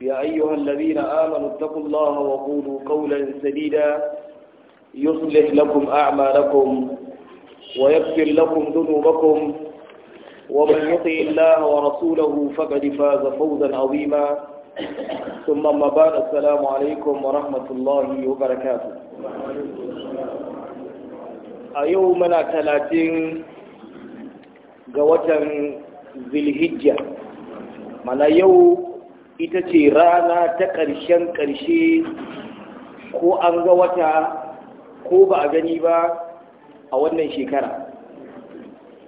يا أيها الذين آمنوا اتقوا الله وقولوا قولا سديدا يصلح لكم أعمالكم ويغفر لكم ذنوبكم ومن يطع الله ورسوله فقد فاز فوزا عظيما ثم ما بعد السلام عليكم ورحمة الله وبركاته أيومنا ثلاثين قوة ذي الهجة mana yau ita ce rana ta ƙarshen ƙarshe ko an ga wata ko ba a gani ba a wannan shekara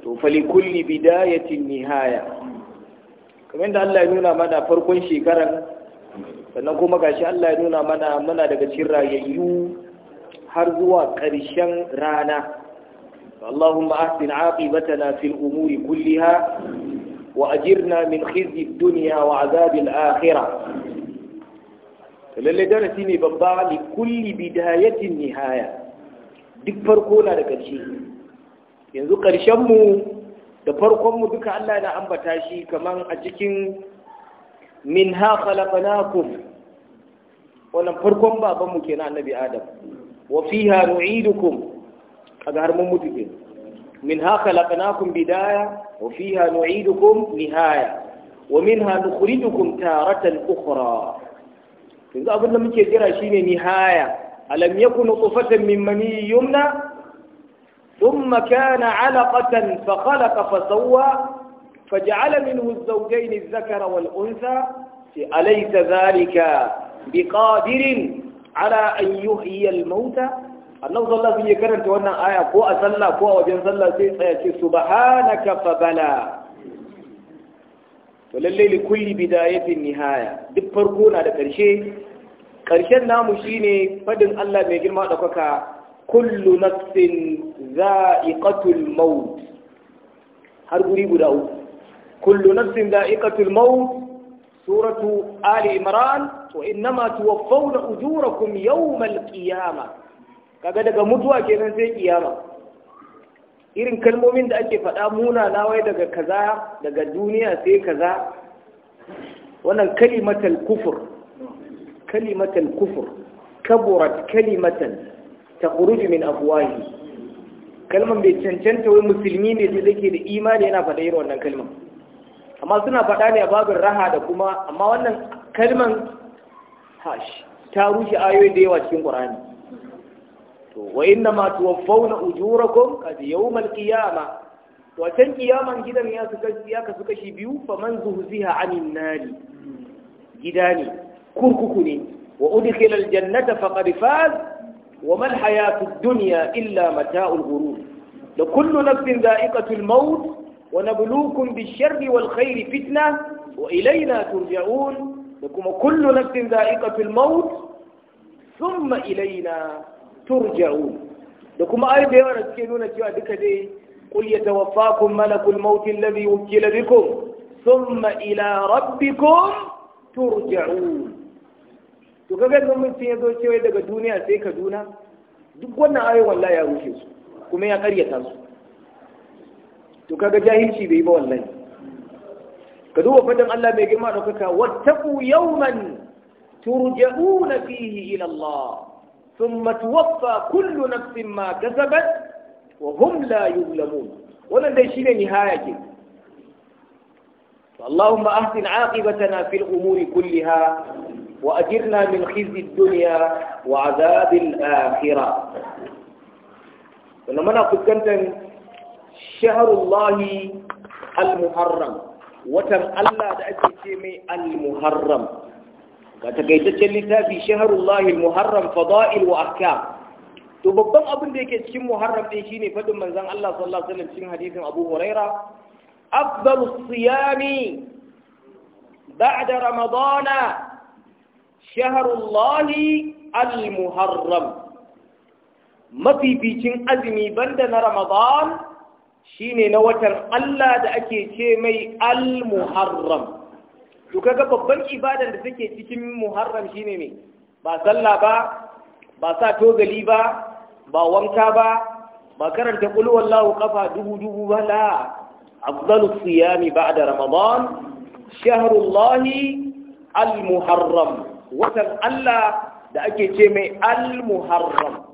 to falikulli bidayatin nihaya kamar da Allah ya nuna mana farkon shekaran sannan kuma gashi Allah ya nuna mana mana daga cikin rayayyu har zuwa ƙarshen rana Allahumma ahsin aqibatana fil umuri kulliha وأجرنا من خزي الدنيا وعذاب الآخرة lalle darasi ne babba li kulli bidayatin nihaya duk farko na da ƙarshe yanzu ƙarshenmu da farkonmu duka Allah na ambata shi kaman a cikin min ha khalaqnakum wannan farkon babanmu kenan annabi adam wa fiha nu'idukum kaga har mun mutu kenan منها خلقناكم بداية وفيها نعيدكم نهاية ومنها نخرجكم تارة أخرى إذا أقول لهم كثيرا شيني نهاية ألم يكن طفة من مني يمنى ثم كان علقة فخلق فسوى فجعل منه الزوجين الذكر والأنثى أليس ذلك بقادر على أن يحيي الموتى annabi sallallahu alaihi karanta wannan aya ko a sallah ko a wajen sallah sai tsaya ce subhanaka fa bala to lalle li kulli bidayatin nihaya duk farko na da karshe karshen namu shine fadin Allah mai girma da kwaka kullu nafsin za'iqatul maut har guri guda uku kullu nafsin za'iqatul maut suratu ali imran wa innama tuwaffawna ujurakum yawmal qiyamah kaga daga mutuwa kenan sai kiyama irin kalmomin da ake faɗa muna nawai daga kaza daga duniya sai kaza wannan kalimatal kufur kalimatal kufur kaburat kalimatan ta min afwahi kalman bai cancanta wai musulmi ne da zake da imani yana faɗa irin wannan kalman amma suna faɗa ne a babin raha da kuma amma wannan kalman hash ta rushe ayoyi da yawa cikin ƙur'ani وإنما توفون أجوركم ج يوم القيامة ل ق جدا يا م يا سكشي بيو فمن زهزها عن النار جداني كركني وأدخل الجنة فقد فاز وما الحياة ل الدنيا إلا متاع الغرور لكل نفس ذائقة الموت ونبلوكم بالشر والخير فتنة وإلينا ترجعون لكم كل نفس ذائقة الموت ثم إلينا turja'u da kuma ayi da yawa da suke nuna cewa duka dai qul yatawaffakum malakul maut alladhi wukila bikum thumma ila rabbikum turja'u to kaga nan mun ya zo cewa daga duniya sai Kaduna duk wannan ayoyin wallahi ya rushe su kuma ya karyata su to kaga jahilci bai ba wallahi ka duba fadan Allah mai girma da kaka wattaqu yawman turja'una fihi ila Allah ثم توفى كل نفس ما كسبت وهم لا يظلمون ولن dai نهاية اللهم أحسن عاقبتنا في الأمور كلها وأجرنا من خزي الدنيا وعذاب الآخرة ولما كنت شهر الله المحرم وتم الله دعك المحرم ga takaitaccen littafi shaharullahi muharram fada'il wa ahkam to babban abin da yake cikin muharram din shine fadin manzon Allah sallallahu alaihi wasallam cikin hadisin Abu Huraira afdalu siyami ba'da ramadana shaharullahi al-muharram mafificin azumi banda na ramadan shine na watan Allah da ake ce mai al-muharram Duka ga babban ibadan da take cikin muharram shine ne. ba sallah ba ba sa togali ba ba wanka ba ba karanta qul wallahu qafa dubu dubu ba la afdalu siyami da ramadan shahrullahi al-muharram watan Allah da ake ce mai al-muharram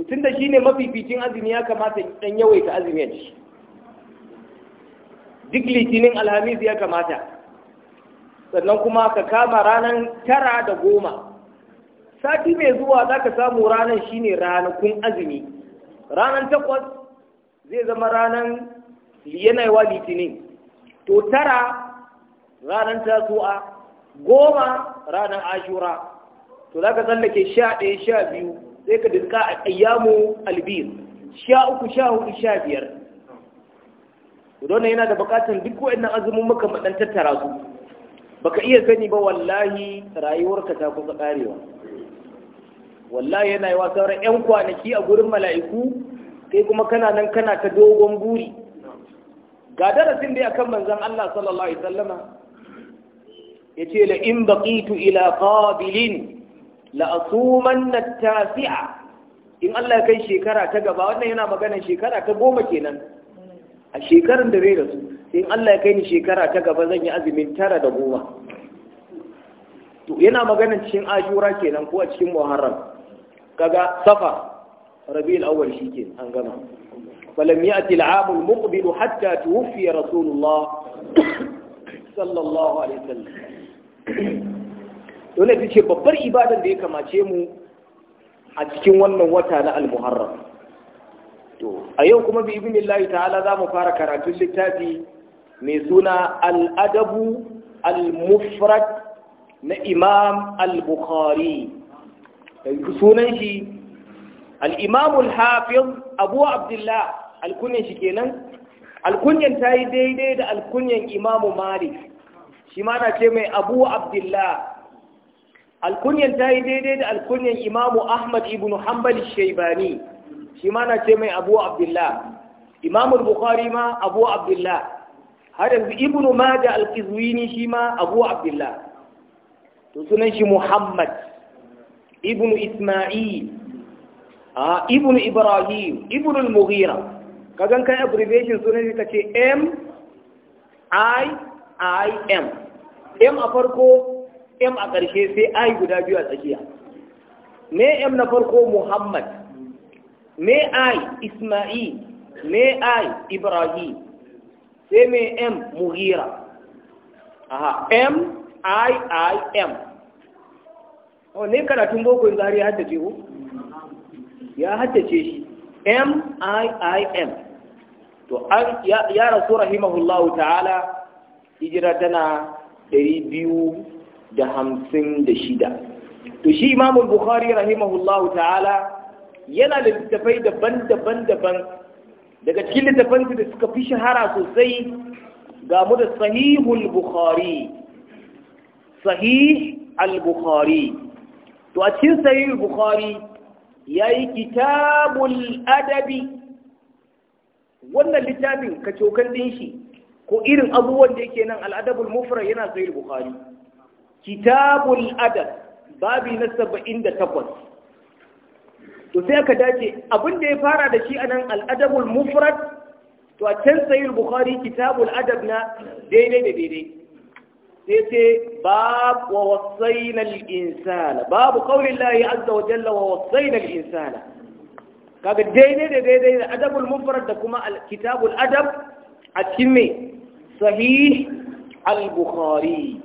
to shine mafificin azumi ya kamata dan yawaita azumi duk litinin alhamis ya kamata sannan kuma ka kama ranar tara da goma sati mai zuwa za ka samu ranar shine ranakun azumi ranar takwas zai zama ranar yanaiwa litinin to tara ranar tasowa goma ranar ashura to za ka tsallake sha ɗaya sha biyu sai ka diska a ayyamu albir sha uku sha hudu sha biyar don yana da bukatan duk wa'annan azumin muka maɗan tattara su baka iya sani ba wallahi rayuwarka ta kusa karewa wallahi yana yawa sauran 'yan kwanaki a gurin mala'iku kai kuma kana nan kana ta dogon buri ga darasin da ya kan Allah sallallahu Alaihi wasallama ya ce in baƙitu ila ƙabilin la'asuman na tasi'a in Allah kai shekara ta gaba wannan yana magana shekara ta goma kenan a shekarun da zai rasu in Allah ya kai ni shekara ta gaba zan yi azumin tara da goma to yana magana cikin ashura kenan ko a cikin muharram kaga safa rabiul awwal shikenan an gama falam ya'ti al muqbil hatta tuwfi rasulullah sallallahu alaihi wasallam dole ta ce babbar ibadar da ya kamace mu a cikin wannan wata na al-muharram to a yau kuma bi ibnillahi ta'ala za mu fara karatun littafi mai suna al'adabu al-mufrad na imam al-bukhari sunan shi Al'imamul imam al-hafiz abu abdullah alkunyan shi kenan alkunyan ta yi daidai da alkunyan imamu malik shi ma na ce mai abu abdullah alkunyan ta yi daidai da alkunyan imamu ahmad ibn hanbal shaibani shi ma na ce mai abu abdullah imamu bukhari ma abu abdullah har yanzu ibnu maja al-qizwini shi ma abu abdullah to sunan shi muhammad ibnu isma'il a ibnu ibrahim ibnu al-mughira gan kai abbreviation sunan shi kace m i i m m a farko m a ƙarshe sai i guda biyu a tsakiya me m na farko muhammad me i isma'il me i ibrahim sai mai m muhira aha m i i m o oh, ne karatun boko in zari ya haddace ko ya haddace shi m i i m to ya rasu Allah ta'ala hijira tana biyu da hamsin da shida. to shi imamul bukhari rahimahullahu ta'ala yana da littafai daban-daban daban daga cikin littafin da suka fi shahara sosai ga mu da sahihul bukhari sahih al-bukhari to a cikin sahih al-bukhari yayi kitabul adabi wannan littafin kacokan din shi ko irin abubuwan da yake nan al-adabul mufrad yana sahih al-bukhari kitabul adab babi na 78 to sai aka dace abin da ya fara da shi anan al'adabul mufrad to a can sayi bukhari kitabul adab na daidai da daidai sai sai bab wa wasaina al-insana babu qawli llahi azza wa jalla wa wasaina al-insana kaga daidai da daidai da adabul mufrad da kuma kitabul adab a cikin me sahih al-bukhari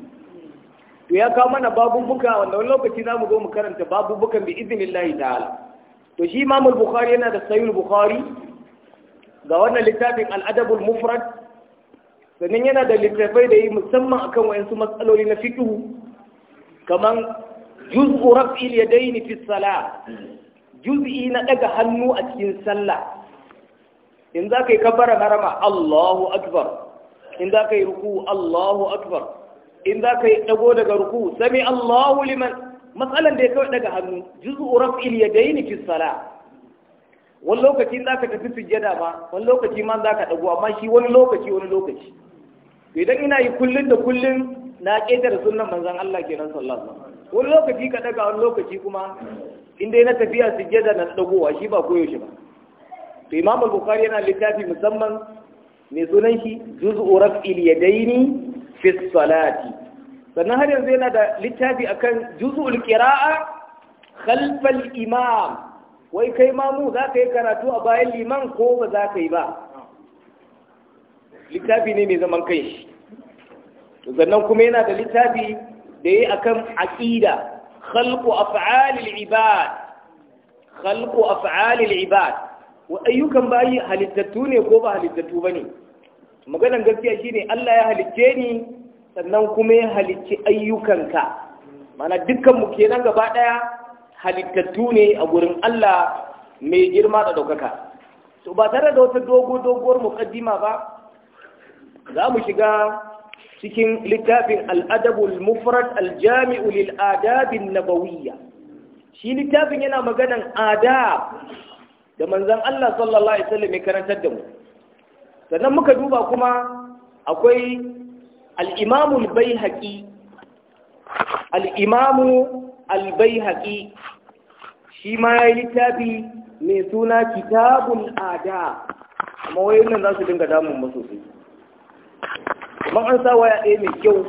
to ya kawo mana babubuka wanda wani lokaci za mu zo mu karanta babubukan bi idinillahi ta'ala to shi Imam bukhari yana da Sahih bukhari ga wannan littafin al-Adabul Mufrad sannan yana da littafai da yi musamman akan wayansu matsaloli na fiqh kaman juz'u raf'il yadayn fi salah juz'i na daga hannu a cikin sallah in za ka yi kabbara harama Allahu akbar in za ka yi ruku Allahu akbar in za ka yi dago daga ruku sami Allahu liman matsalan da ya kawai daga hannu juzu raf'il yadaini fi sala wani lokaci za ka tafi sujjada ma wani lokaci ma za ka dago amma shi wani lokaci wani lokaci idan ina yi kullun da kullun na ƙetare sunan manzan Allah kenan sallallahu alaihi wasallam wani lokaci ka daga wani lokaci kuma in dai na tafiya sujjada na dagowa shi ba koyaushe ba to imam al-bukhari yana littafi musamman mai sunan shi juz'u raf'il yadaini fi salati sannan har yanzu yana da littafi akan juzul kiraa, khalfal imam wai kai mamu za ka yi karatu a bayan liman ko ba za ka yi ba littafi ne mai zaman kai shi sannan kuma yana da littafi da ya yi akan aqida khalqu af'alil ibad khalqu af'alil ibad wa ayyukan bayi halittattu ne ko ba halittattu bane maganan gaskiya shine Allah ya halicce ni sannan kuma ya halicci ayyukanka mana dukkanmu kenan gaba ɗaya halittattu ne a gurin Allah mai girma da ɗaukaka to ba tare da wata dogo doguwar muƙaddima ba za mu shiga cikin littafin al'adabul mufrad aljami'u lil adabin nabawiyya shi littafin yana maganan adab da manzon Allah sallallahu alaihi wasallam ya karantar da mu sannan muka duba kuma akwai al’imamu albaihaƙi shi ma ya yi littafi mai suna kitabun ada amma wayo nan za su dinga damun masosai kuma an sa waya ɗaya mai kyau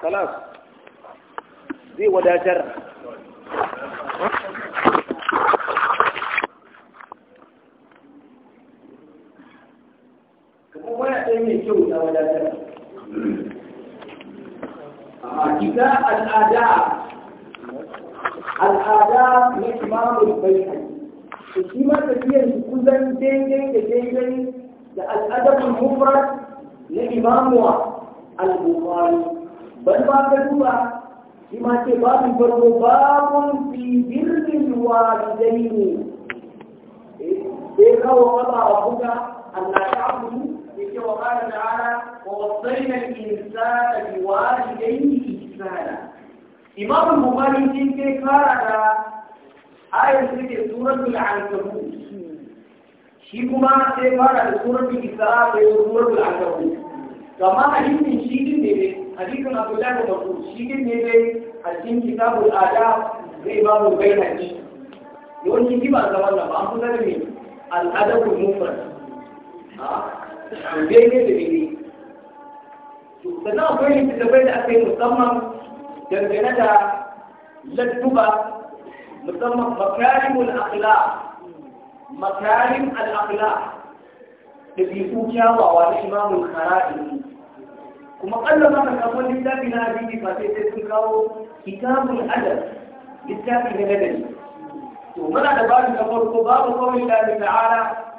kalas zai wadatar al'ada الآداب الآداب لإمام البيهقي shi ma tafiyar kusan daidai da daidai da al'adabin mufrad na imamuwa al-bukhari bal ba ka duba shi ma ce babu farko babun fi birnin walidaini sai kawo kaba a buga Allah ya abu ya ce wa ta'ala ووصينا الإنسان بوالديه إحسانا إمام البخاري في كيف آية في سورة العنكبوت shi kuma sai fara da suratul isra sai zo suratul ankabut to amma hadisin shi din ne dai hadisin abdullahi da mas'ud shi din ne dai a cikin kitabul adab zai ba mu bayani yawanci shi ba ga wannan ba an sannan akwai littattafai da aka yi musamman dangane da ladduba musamman makarimul akhlaq makarim al akhlaq da bisu kyawawa na imamul kara'i kuma kalla ma ka kawo littafi na hadisi ba sai sai sun kawo kitabul adab littafi na ladabi to muna da babu na farko babu kawai lillahi ta'ala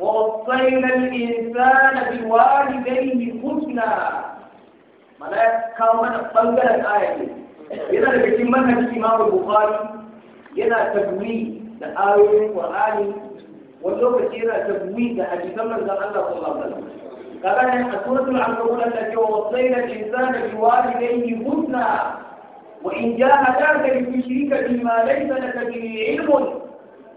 ووصينا الإنسان بوالديه حسنا مالا كما تقبل الآية إذا لقيت منهج الإمام البخاري يدا تبوي الآية القرآن ولو كثير تبوي حديث من قال الله صلى سورة العنكبوت التي ووصينا الإنسان بوالديه حسنا وإن جاهداك لتشرك بما ليس لك به علم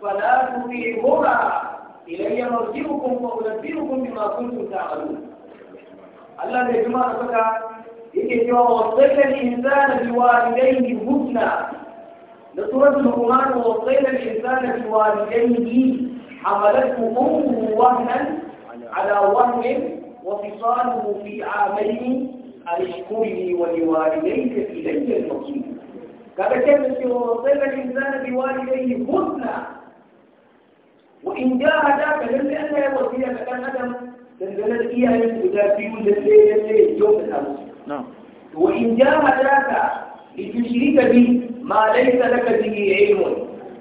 فلا تطيعهما إلي مرجعكم وأنبئكم بما كنتم تعملون الله يا جماعة فكا يجي ووصينا الإنسان بوالديه حسنا لسورة القرآن ووصينا الإنسان بوالديه حملته أمه وهنا على وهن وفصاله في عامين أن اشكر لي ولوالديك إلي المصير كذا كان ووصينا الإنسان بوالديه حسنا وإن جاء jahadaka lalle Allah ya wasiya ga dan adam dangane da iyayen guda biyu lalle lalle ya kyautata musu wa in jahadaka به ما ليس لك به علم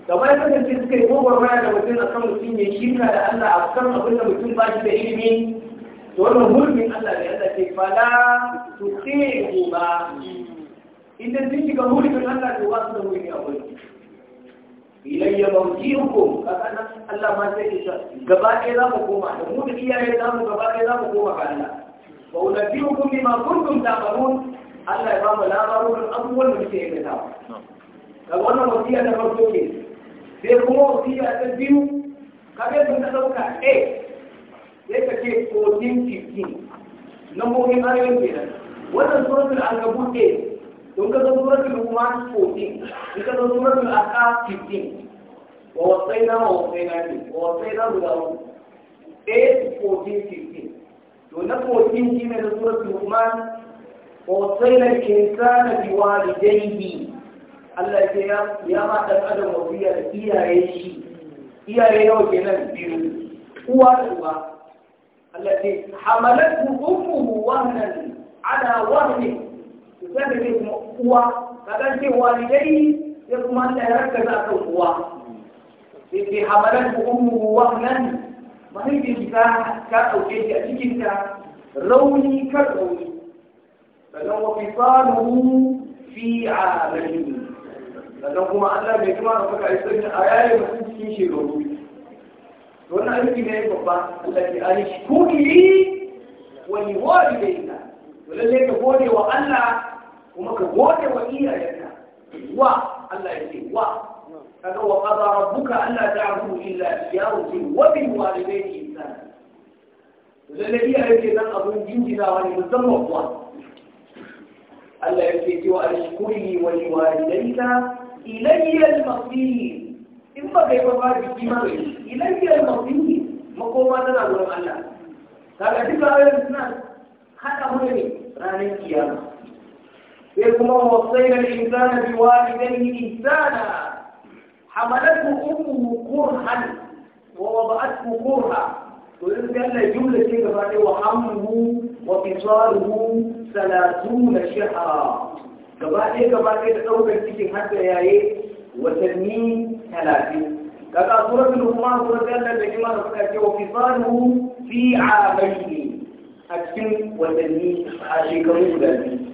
kamar kasance suka yi gogon raya da mutum a kan mutum ya shirka da Allah a kan abin da mutum ba shi da ilimi to wannan hulmin Allah ne Allah ke fala su ba idan sun shiga Allah to wasu da a ilayya mawjiukum kaga nan Allah ma sai ya gaba ɗaya za mu koma da mu da iyaye za mu gaba ɗaya za mu koma ga Allah fa unabbiukum bima kuntum ta'malun Allah ya ba mu labarin abubuwan da muke yi da ta wannan wasiya ta farko ne sai kuma wasiya ta biyu kaga da ta dauka A sai ka ce 14 15 nan mu ne kenan wannan suratul ankabut ne don ka zo suratul 14 in ka zo suratul 15 wa wasaina wa wasaina ne wa wasaina guda uku 14 15 to na 14 shine da suratul Luqman wa wasaina al Allah ya ya ma dan adam wasiya da iyaye shi iyaye nawa kenan biyu uwa da Allah ya ce hamalatu ummuhu wahnan ala zaka ce kuma uwa kaga ce walidai ya kuma Allah ya rakkaza akan uwa sai ce hamalan ummuhu wahnan mahaifiyarsa ta ɗauke shi a cikinta rauni kan rauni sannan wa fisaluhu fi amalin sannan kuma Allah bai kuma da kuka isar da ayaye masu cikin shekaru to wannan aiki ne babba Allah ke ani shukuri wa liwalidayna to lalle ka gode wa Allah kuma ka gode wa iyayenka wa Allah ya ce wa kaga wa qada rabbuka alla ta'budu illa iyyahu wa bil walidayni ihsana lalle iyaye ke nan abun jinjinawa ne musamman kuwa Allah ya ce cewa ashkuri wa liwalidayka ilayya al-masir in ba kai ba ba jiki ma bai ilayya al-masir makoma tana gurin Allah kaga duka ayoyin suna hada mu ne ranar kiyama الله وصينا الإنسان بوالديه إنسانا حملته أمه كرها ووضعته كرها ويقول جملة كده وحمله وفصاله ثلاثون شهرا كما ايه كما ايه تقول لك حتى يا ايه وتنين ثلاثين كما سورة الرحمن سورة الله لكي ما نفكرك وفصاله في عامين أجسم وتنين عشي كروه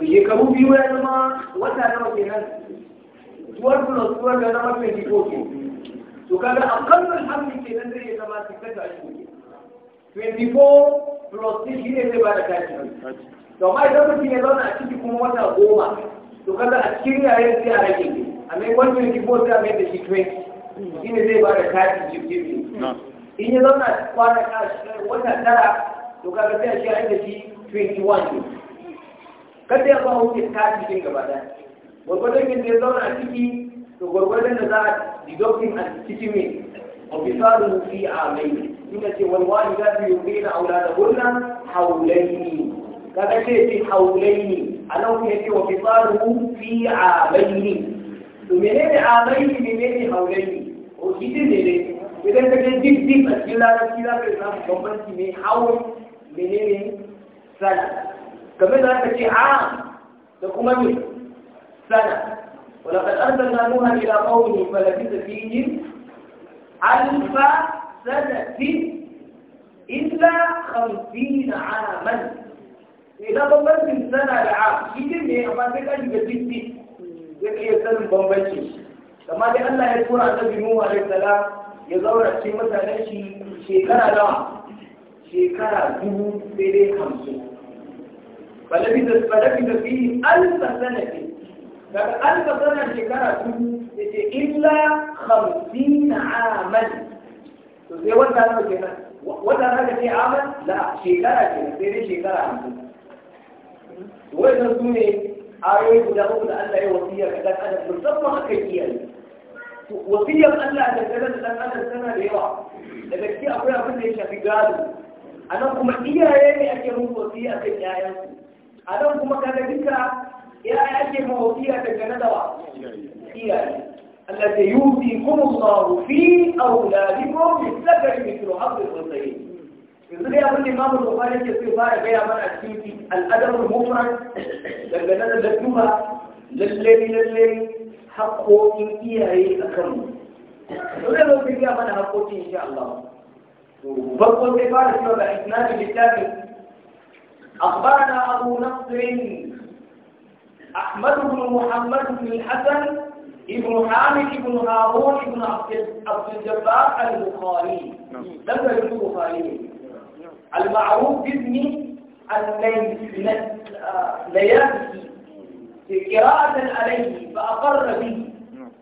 to shekaru biyu ya zama wata nawa kenan 12 plus 12 ya zama 24 ke to kaga akallin hamdi kenan zai zama 60 24 plus 6 shi ne zai ba da kashi to amma idan mutum ya zauna a ciki kuma wata goma to kaga a cikin yayin sai a rage a mai 124 sai a mai da shi 20 shi ne zai ba da kashi 50 in ya zauna kwana wata tara to kaga sai a shi a inda shi 21 kada ya zama wuce ta cikin gaba daya gwargwadon yadda ya zauna a ciki to gwargwadon da za a deducting a cikin mai ofisarin fi a mai ina ce walwali za su yi kai na aula da hulna haulaini kaga ce ce haulaini a nan kuma ce ofisarin fi a mai to menene a mai menene haulaini o shi ne ne idan ka je dip dip a cikin larabci za ka yi samun bambanci mai haul menene sana kamar da aka ce a da kuma ne sana wala kad arsalna nuha ila qawmi falabisa fihim alfa fi illa na aman idan bambancin sana da a cikin ne amma sai ka shiga sittin zai iya sanin bambancin kamar da Allah ya tura annabi Nuhu alaihi Sala ya zaura ce mutanen shi shekara nawa shekara dubu sai dai hamsin فلبث فلبث فيه ألف سنة فألف سنة ذكرته إلا خمسين عاما وده هذا كمان وده هذا في عاما لا شكرا كمان في ليش شكرا عاما وإذا سوني أريد أن أقول أن هي وصية كذا أنا بالضبط كذي وصية أن لا تكذب أن هذا السنة ليه إذا كذي أقول أقول ليش في قالوا أنا كم إياه يعني أكيد هو وصية كذي a nan kuma kaga duka ya ake mawadiya daga nadawa iyaye Allah ta yuti kuma Allah fi auladikum bi zakari mithlu hadd al-unsayin yanzu dai abin da imamu bukhari ke sai fara gaya mana a cikin al'adabul mufrad dangane da duba lalle lalle haƙoƙin iyaye a kan mu dole ne ku gaya mana haƙoƙin insha Allah to farko sai fara cewa ga isnadu littafin أخبرنا أبو نصر أحمد بن محمد بن الحسن ابن حامد بن هارون بن عبد الجبار البخاري لم يكن بخاري المعروف باسم في قراءة عليه فأقر به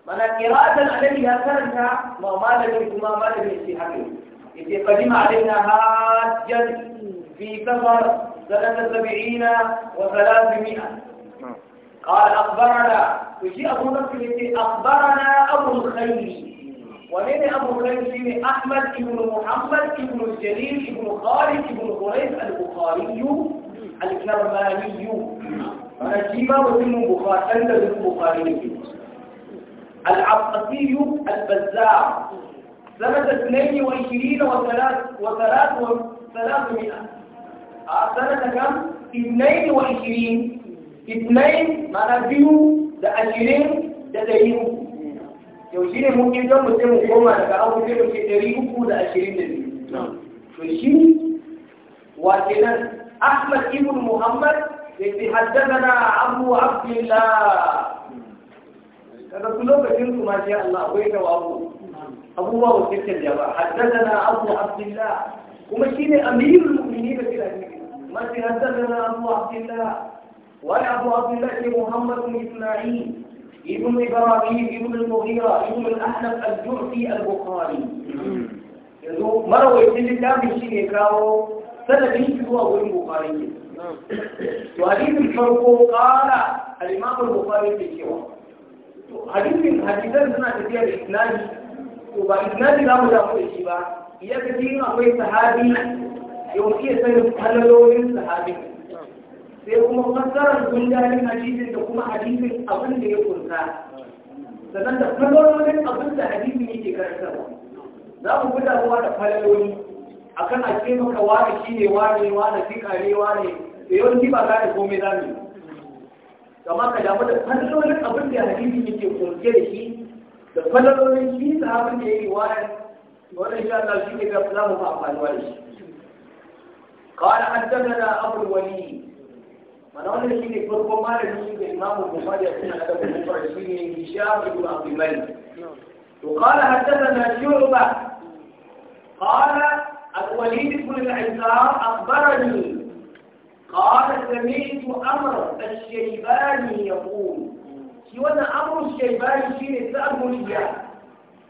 من قراءة عليه هكذا ما ما ما مال من استحقه إذ قدم علينا هاجا في سفر سنة سبعين وثلاثمائة قال أخبرنا يجي أبو نصر أخبرنا أبو الخير ومن أبو الخير أحمد بن محمد بن الجليل بن خالد بن قريش البخاري الكرماني ونجيبه وسلم بخاري البخاري العبقري البزار سنة 22 وثلاث وثلاث وثلاثمائة سنة كم؟ اثنين وعشرين اثنين معنى بيو ده عشرين ده دايو يوشيني ممكن ده مسلم وقوما لك أو مسلم في تريوكو ده عشرين ده بيو فلشيني وكنا أحمد ابن محمد الذي حدثنا أبو عبد الله هذا كله بجنس ما شاء الله وين وأبو أبو الله وكتب يا حدثنا أبو عبد الله ومشيني أمير المؤمنين بلا من حدثنا أبو عبد الله ولا أبو عبد الله محمد بن إسماعيل ابن إبراهيم ابن المغيرة ابن الأحنف الجعفي البخاري مروا يتجد كام الشيء كاو سنة يجب هو البخاري وحديث الفرق قال الإمام البخاري في الشيوة حديث حديثا سنة تجيب الإسلام وبإسلام لا مدافع الشيء ba iya ka jin akwai ya iya sanin falalolin sahabi sai kuma fassarar gundarin hadisin da kuma hadisin abin da ya kunsa sannan da falalolin abin da hadisin yake karantarwa za mu gudanarwa da falaloli akan a ce maka wani shi ne wani wani fika ne wani da yawanci ba za da komai za mu kama ka damu da falalolin abin da hadisin yake kunce da shi da falalolin shi sahabin da ya yi wani wannan shi Allah shi ne ga za mu fa amfani da shi قال حدثنا أبو الوليد من أول شيء يقول ما لشيء الإمام البخاري في أدب المفرد شيء هشام بن عبد الملك وقال حدثنا شعبة قال الوليد بن العزار أخبرني قال سمعت أمر الشيباني يقول شوانا أمر الشيباني شيء سأل مليا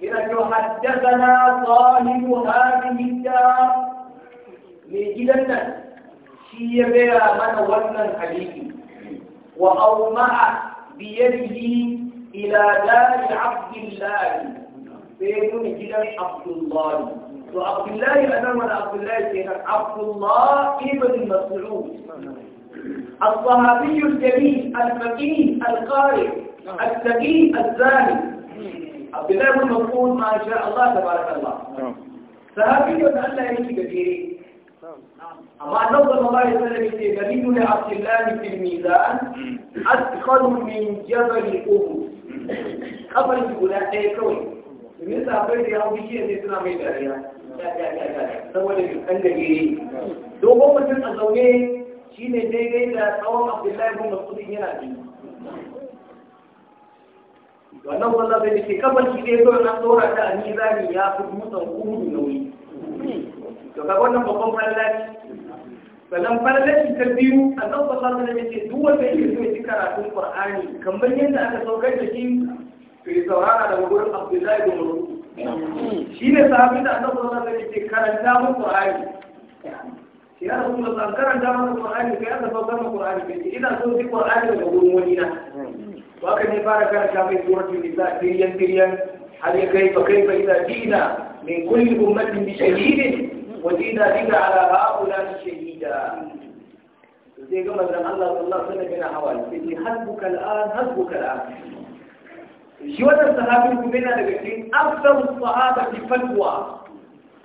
إذا حدثنا صاحب هذه الدار mai gidan nan shi ya gaya mana wannan hadisi wa auma'a biyadihi ila dari abdullahi sai nuna gidan abdullahi to abdullahi a nan wani abdullahi ke nan abdullahi ibn mas'ud الصحابي الجليل الفقيه القارئ السقي الزاهد عبد الله بن مسعود ما شاء الله تبارك الله صحابي الله يجي كثير أما أنه صلى الله عليه وسلم دليل لعبد الله في الميزان أثقل من جبل أهود خبر يقول أنت كوي من سافر يا أبو شيء أنت سنا ميت عليها saboda dukkan da gere dogon mutum a zaune shi ne daidai da tsawon abdullahi bin masudin yana biyu wannan wanda zai ke kafar shi dai kawai na tsora ta a nizami ya fi mutan kuhu nauyi to ga wannan babban falalaci sannan falalaci ta biyu a zan fasa da ce duk wanda yake so ya ji karatun qur'ani kamar yadda aka saukar da shi to ya saurara daga gurin abdullahi da murku shi ne sahabi da annabi sallallahu alaihi wasallam karanta mu qur'ani shi ya rasu Allah karanta mu qur'ani kai aka saukar mu qur'ani kai ina so ji qur'ani daga gurin wani na to aka ne fara karanta mai suratul nisa tiryan tiryan hal ya kai fa kai fa idza jina min kulli ummatin bi shahidin وجينا بك على هؤلاء شهيدا زي كما زمان الله صلى الله عليه وسلم من حوالي بدي حسبك الآن حسبك الآن shi wannan sahabin kuma yana daga cikin afsar sahaba ki fatwa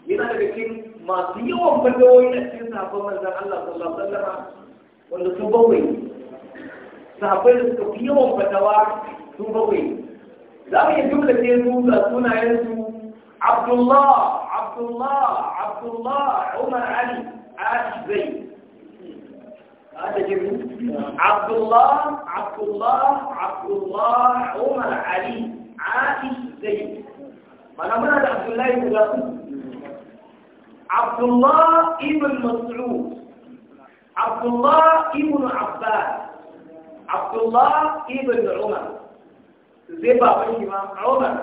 yana daga cikin masu yawan fatawoyi a cikin sahabban manzon Allah sallallahu alaihi wasallam wanda su bawai da suka fi yawan fatawa su bawai za mu iya ga sunayen su عبد الله عبد الله عمر علي عاش زيد هذا جميل عبد الله عبد الله عبد الله عمر علي عاش زيد فأنا من عبد الله بن عبد الله ابن مسعود عبد الله ابن عباس عبد الله ابن عمر زي بابا عمر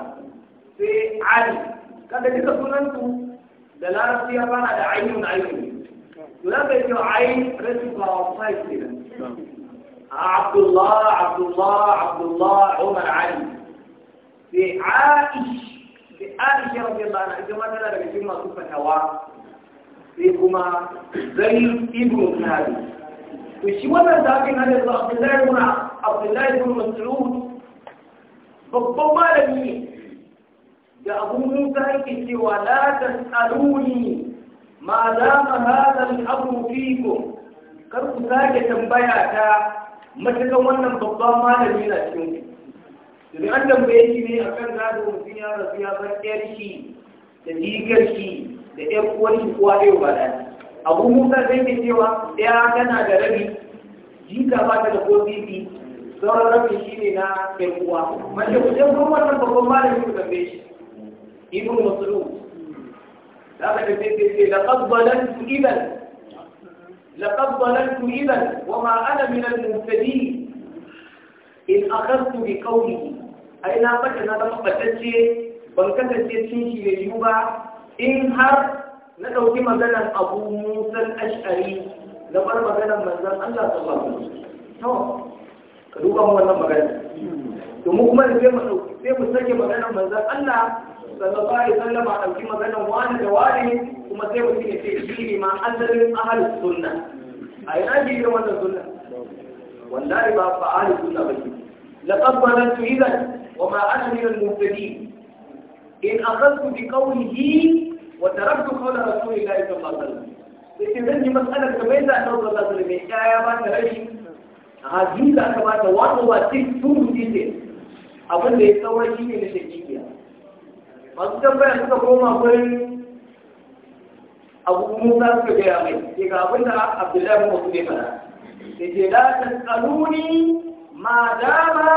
في علي كذا كذا sunansu da larabci ya fara da ainihin ainihin to za ka yi kyau ainihin rashin qualified ke nan abdullah abdullah abdullah umar ali sai aish sai aish rabbi allah na ita ma tana daga cikin masu fatawa sai kuma zain ibn sahabi to shi wannan zafin hadis da abdullahi ibn abdullahi ibn mas'ud babban malami ne da abu musa yake cewa la tsaruni ma za ma hada al'abu fiku kar ku sake tambaya ta matakan wannan babban malami na cikin ku idan an tambaye shi ne akan gado mutum ya rasu ya bar ƴar shi da jikar shi da ƴar uwar shi kuwa ɗaya ba da abu musa zai ke cewa ɗaya tana da rabi jika ba ta da ko bibi sauran rabi shi ne na ƴar uwa mace ku je kuma wannan babban malami ku tambaye shi إيمان مطلوب لا بد لقد ظللت إذا لقد ظللت إذا وما أنا من المهتدين إن أخذت بقوله أي ناقش أنا بقى تجي بنك تجي تنشي لليوبا إن هر ندعو كما أبو موسى الأشعري لبر مثلا مثلا الله صلى الله عليه وسلم كدوبا هو الله مغانا ثم مكمل في مسجد مغانا مثلا الله sallallahu alaihi wasallam a ɗauki maganar wani da wani kuma sai mutum ya ce shi ne ma asalin ahal sunna a yana ji da wannan sunna wallahi ba ba ahalus sunna ba ke laqad balantu idan wa ma ashmi al mubtadi in akhadtu bi qawlihi wa taraktu qawla rasulillahi sallallahu alaihi wasallam sai zan ji matsalar da bai da Allah sallallahu alaihi ya ba ta rashi a hadisi ka ba ta wato over 6 2 details abin da ya saura ne na shakiya masu tambaya suka koma gurin abu musa suka gaya mai ke ga abin da abdullahi bin masu ne fara sai ce la tasaluni ma dama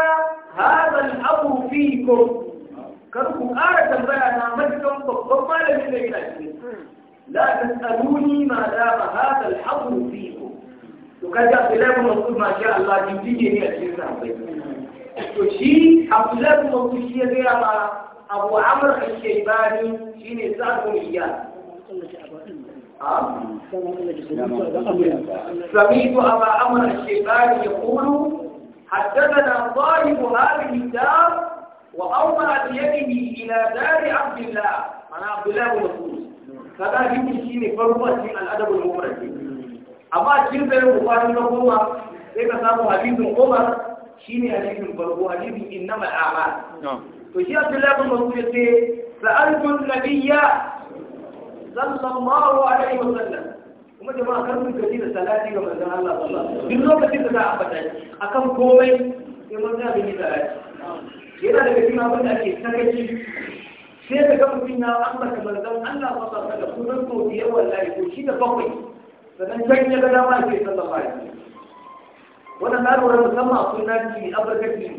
hadha al-abu fikum kar ku ƙara tambaya na matukan babban malamin da yana cikin la tasaluni ma dama hadha al-abu fikum to kaji abdullahi bin masu ma sha Allah din ne a cikin sahabbai to shi abdullahi bin masu shi ya gaya ma أبو عمر الشيباني شيني سألهم إياه سميت أبا عمر الشيباني يقول حدثنا طالب هذه الدار وأومر بيده إلى دار عبد الله أنا عبد الله بن مسعود فذا جبت شيني فرقة من الأدب المفرد أما جلد المفرد المفروض إذا صاروا حديث عمر شيني حديث فرقة حديث إنما الأعمال نعم. to shi Abdullahi bin Mas'ud yace sa'altu nabiyya sallallahu alaihi wasallam kuma jama'a kar mun gaji da salati ga manzon Allah sallallahu alaihi wasallam duk lokacin da za a A kan komai sai manzon Allah ya salati yana daga cikin abin da ake sakaci sai daga mutum ya ambata manzon Allah sallallahu alaihi wasallam sunan to biyar wallahi ko shi da bakwai sannan can ya ga dama sai sallallahu alaihi wasallam wannan na lura musamman a sunan ki abarkati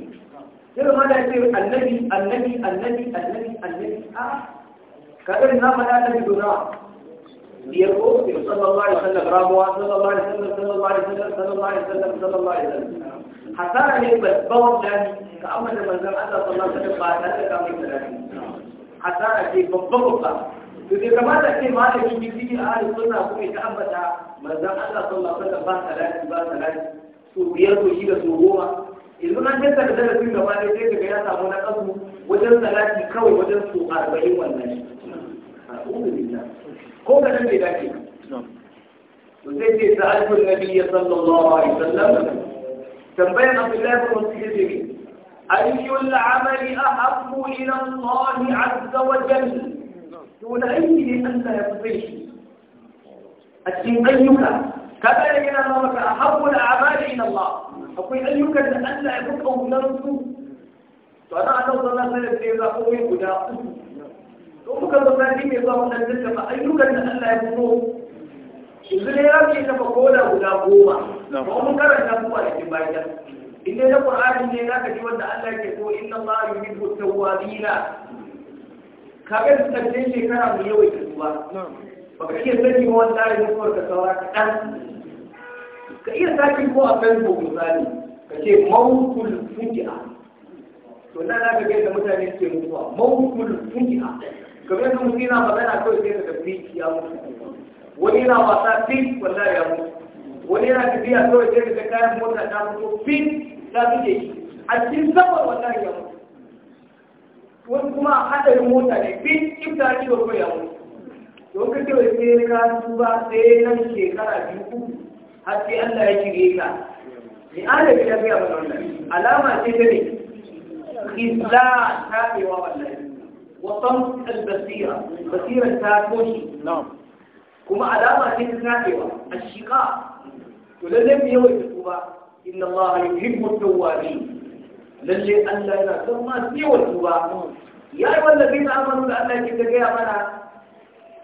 sai ma da ce annabi annabi annabi annabi annabi a ah, kadar na faɗa annabi to nawa biyar ko sallallahu alaihi wasallam rabuwa sallallahu alaihi wasallam sallallahu alaihi wasallam sallallahu alaihi wasallam sallallahu alaihi wasallam hasara ne babban dani ka amma manzon Allah sallallahu alaihi wasallam ba tare da kamar sadaki hasara ce babba to dai kamata ce malamin bibi a halin sunna kuma ya ambata manzon Allah sallallahu alaihi wasallam ba sadaki ba sadaki to biyar ko shi da so goma yanzu an jinta da darasin gaba ne sai daga ya samu na kasu wajen salati kawai wajen su arba'in wannan shi ko kaɗan bai dace to sai ce ta alfin nabi ya sallallahu alaihi wasallam tambayar abdullahi bin mas'ud ne أي العمل أحب إلى الله عز وجل دون أيه أنت يقضيه أتي أيك كما يقول أحب الأعمال إلى الله akwai ayyukan da Allah ya fi ƙaunar su to ana ana zama sanar da ya zaɓo yin guda uku to muka zo zafi mai zuwa wannan duka ba ayyukan da Allah ya fi so yanzu ne ya ce ta tafa koda guda goma ba mun karanta su a cikin bayan in dai na Qur'ani ne ka ji wanda Allah ke so inna Allah yuhibbu tawwabina kaga su kace shekara mu yawaita Ba ka iya sani ba wallahi ne ko ka saura kaɗan ka iya sakin ko a ko misali ka ce mawukul fuji'a to na za ka ga yadda mutane ke mutuwa mawukul ka kamar yadda mutum yana magana kawai sai ka tafi ya mutu wani na wasa fit wallahi ya mutu wani na tafiya kawai sai ka kayan mota ta mutu fit ta fi shi a cikin saman wallahi ya mutu wani kuma a hadarin mota ne fit in ta ci da ya mutu don ka wai sai ka tuba sai nan shekara biyu har sai Allah ya shirye ka ni ala bi tafiya ba wannan alama ce ta ne khizla ta yi wa wallahi wa tam basira basira ta toshi kuma alama ce ta A ashiqa to lalle mu yawaita ba. inna Allah yuhibbu at-tawwabin lalle Allah yana son masu yawan tuba ya yi wallafi na amanu da Allah ke ta gaya mana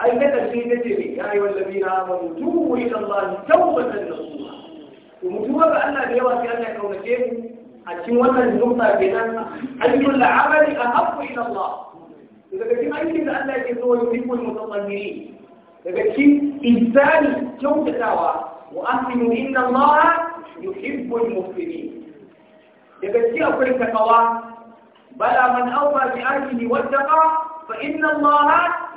أي في نتبي يا أيها الذين آمنوا توبوا إلى الله توبة نصوحا ومتوبة بأن اليوم في أن يكون كيف أتم وأن نقطة بين أن كل عمل أحب إلى الله إذا كنت أيضا أن لا يكون يحب المتطهرين إذا كنت إنسان توبة دعوة وأحسن إن الله يحب المسلمين إذا كنت أقول التقوى بلى من أوفى بأهله واتقى فإن الله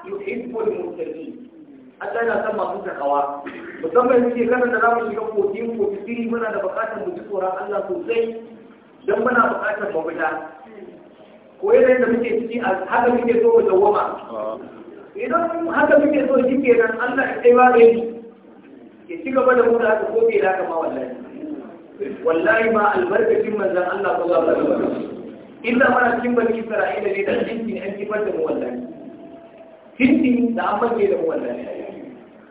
yuhibbul muttaqin Allah yana son masu takawa musamman yake kada da zamu shiga koki ko tsiri muna da bukatar mu ji tsoron Allah sosai dan muna bukatar mafita ko yadda muke ciki haka muke so mu idan haka muke so shi kenan Allah ya kai bare ni ya ci gaba da mu haka ko bai da haka ma wallahi wallahi ma albarkacin manzon Allah sallallahu alaihi wasallam illa mana cikin bani Isra'ila ne da cikin an kifar da mu wallahi kinti da an mace da wannan